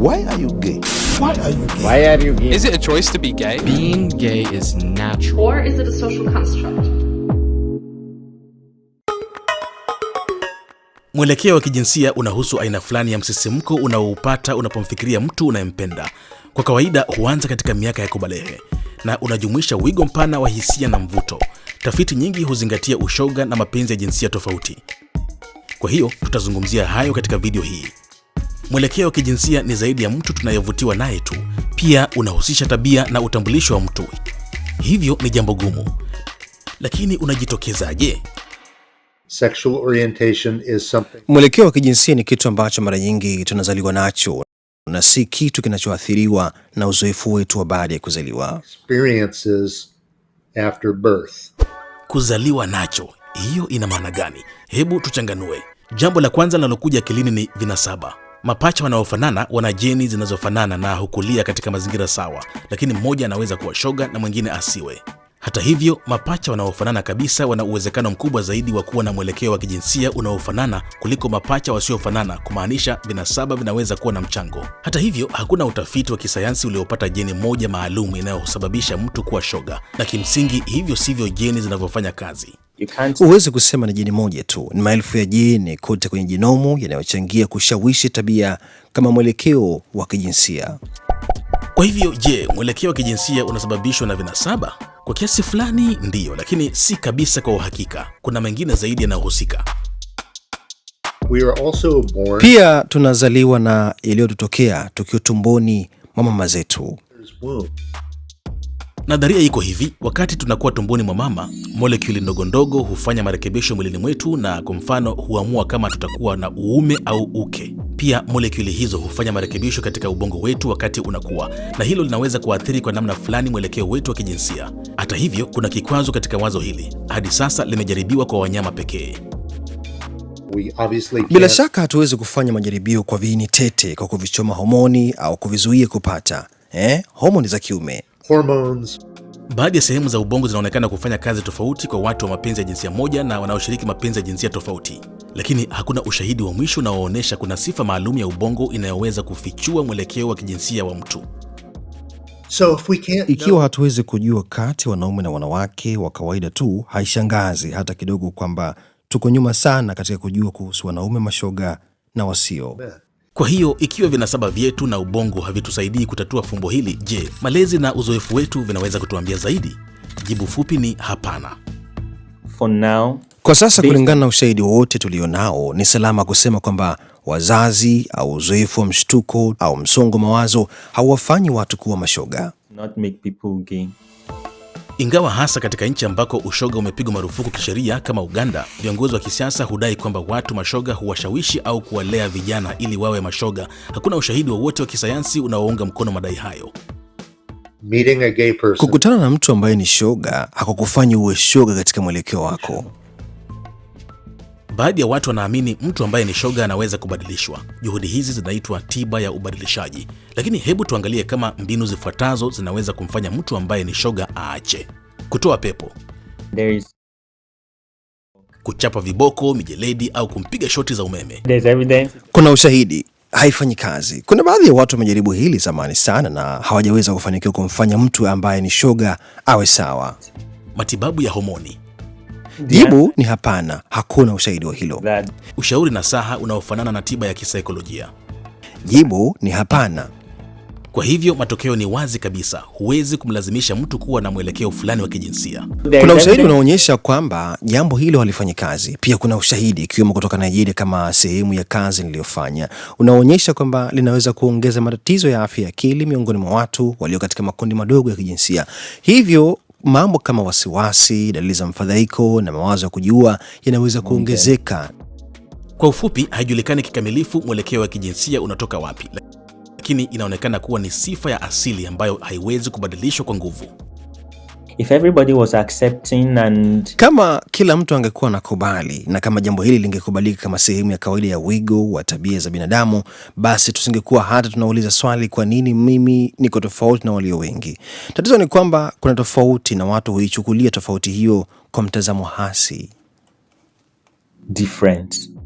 Why are you gay? Why are you gay? Why are you gay? Is it a choice to be gay? Being gay is natural. Or is it a social construct? Mwelekeo wa kijinsia unahusu aina fulani ya msisimko unaoupata unapomfikiria mtu unayempenda. Kwa kawaida huanza katika miaka ya kubalehe na unajumuisha wigo mpana wa hisia na mvuto. Tafiti nyingi huzingatia ushoga na mapenzi ya jinsia tofauti. Kwa hiyo tutazungumzia hayo katika video hii. Mwelekeo wa kijinsia ni zaidi ya mtu tunayevutiwa naye tu, pia unahusisha tabia na utambulisho wa mtu, hivyo ni jambo gumu. Lakini unajitokezaje? mwelekeo wa kijinsia ni kitu ambacho mara nyingi tunazaliwa nacho na si kitu kinachoathiriwa na uzoefu wetu wa baada ya kuzaliwa. After birth. Kuzaliwa nacho, hiyo ina maana gani? Hebu tuchanganue. Jambo la kwanza linalokuja akilini ni vinasaba. Mapacha wanaofanana wana jeni zinazofanana na hukulia katika mazingira sawa, lakini mmoja anaweza kuwa shoga na mwingine asiwe. Hata hivyo, mapacha wanaofanana kabisa wana uwezekano mkubwa zaidi wa kuwa na mwelekeo wa kijinsia unaofanana kuliko mapacha wasiofanana, kumaanisha vinasaba vinaweza kuwa na mchango. Hata hivyo, hakuna utafiti wa kisayansi uliopata jeni moja maalum inayosababisha mtu kuwa shoga, na kimsingi hivyo sivyo jeni zinavyofanya kazi. Huwezi kusema ni jeni moja tu, ni maelfu ya jeni kote kwenye jinomu yanayochangia kushawishi tabia kama mwelekeo wa kijinsia. Kwa hivyo, je, mwelekeo wa kijinsia unasababishwa na vinasaba? Kwa kiasi fulani ndiyo, lakini si kabisa kwa uhakika. Kuna mengine zaidi yanayohusika. born... Pia tunazaliwa na yaliyotutokea tukiwa tumboni mwa mama zetu. Nadharia iko hivi: wakati tunakuwa tumboni mwa mama, molekuli ndogo ndogo hufanya marekebisho mwilini mwetu, na kwa mfano huamua kama tutakuwa na uume au uke. Pia molekuli hizo hufanya marekebisho katika ubongo wetu wakati unakuwa, na hilo linaweza kuathiri kwa namna fulani mwelekeo wetu wa kijinsia. Hata hivyo, kuna kikwazo katika wazo hili. Hadi sasa limejaribiwa kwa wanyama pekee. Bila shaka hatuwezi kufanya majaribio kwa viini tete kwa kuvichoma homoni au kuvizuia kupata eh, homoni za kiume. Baadhi ya sehemu za ubongo zinaonekana kufanya kazi tofauti kwa watu wa mapenzi ya jinsia moja na wanaoshiriki mapenzi ya jinsia tofauti lakini hakuna ushahidi wa mwisho unaoonyesha kuna sifa maalum ya ubongo inayoweza kufichua mwelekeo wa kijinsia wa mtu. So ikiwa hatuwezi kujua kati wanaume na wanawake wa kawaida tu, haishangazi hata kidogo kwamba tuko nyuma sana katika kujua kuhusu wanaume mashoga na wasio. Kwa hiyo ikiwa vinasaba vyetu na ubongo havitusaidii kutatua fumbo hili, je, malezi na uzoefu wetu vinaweza kutuambia zaidi? Jibu fupi ni hapana. For now, kwa sasa kulingana na ushahidi wowote tulionao, ni salama kusema kwamba wazazi au uzoefu wa mshtuko au msongo mawazo hawafanyi watu kuwa mashoga. Not make people gay. Ingawa hasa katika nchi ambako ushoga umepigwa marufuku kisheria kama Uganda, viongozi wa kisiasa hudai kwamba watu mashoga huwashawishi au kuwalea vijana ili wawe mashoga. Hakuna ushahidi wowote wa, wa kisayansi unaounga mkono madai hayo. Kukutana na mtu ambaye ni shoga hakukufanyi uwe shoga katika mwelekeo wako. Baadhi ya watu wanaamini mtu ambaye ni shoga anaweza kubadilishwa. Juhudi hizi zinaitwa tiba ya ubadilishaji, lakini hebu tuangalie kama mbinu zifuatazo zinaweza kumfanya mtu ambaye ni shoga aache: kutoa pepo is... kuchapa viboko, mijeledi au kumpiga shoti za umeme. Kuna ushahidi haifanyi kazi. Kuna baadhi ya watu wamejaribu hili zamani sana na hawajaweza kufanikiwa kumfanya mtu ambaye ni shoga awe sawa. Matibabu ya homoni Jibu ni hapana, hakuna ushahidi wa hilo. Ushauri na saha unaofanana na tiba ya kisaikolojia. Jibu ni hapana. Kwa hivyo matokeo ni wazi kabisa, huwezi kumlazimisha mtu kuwa na mwelekeo fulani wa kijinsia. Kuna ushahidi unaonyesha kwamba jambo hilo halifanyi kazi. Pia kuna ushahidi ikiwemo kutoka Nigeria, kama sehemu ya kazi niliyofanya, unaonyesha kwamba linaweza kuongeza matatizo ya afya ya akili miongoni mwa watu walio katika makundi madogo ya kijinsia hivyo mambo kama wasiwasi, dalili za mfadhaiko na mawazo ya kujiua yanaweza kuongezeka. Kwa ufupi, haijulikani kikamilifu mwelekeo wa kijinsia unatoka wapi, lakini inaonekana kuwa ni sifa ya asili ambayo haiwezi kubadilishwa kwa nguvu. If everybody was accepting and... kama kila mtu angekuwa nakubali na kama jambo hili lingekubalika kama sehemu ya kawaida ya wigo wa tabia za binadamu, basi tusingekuwa hata tunauliza swali, kwa nini mimi niko tofauti na walio wengi? Tatizo ni kwamba kuna tofauti na watu huichukulia tofauti hiyo kwa mtazamo hasi Different.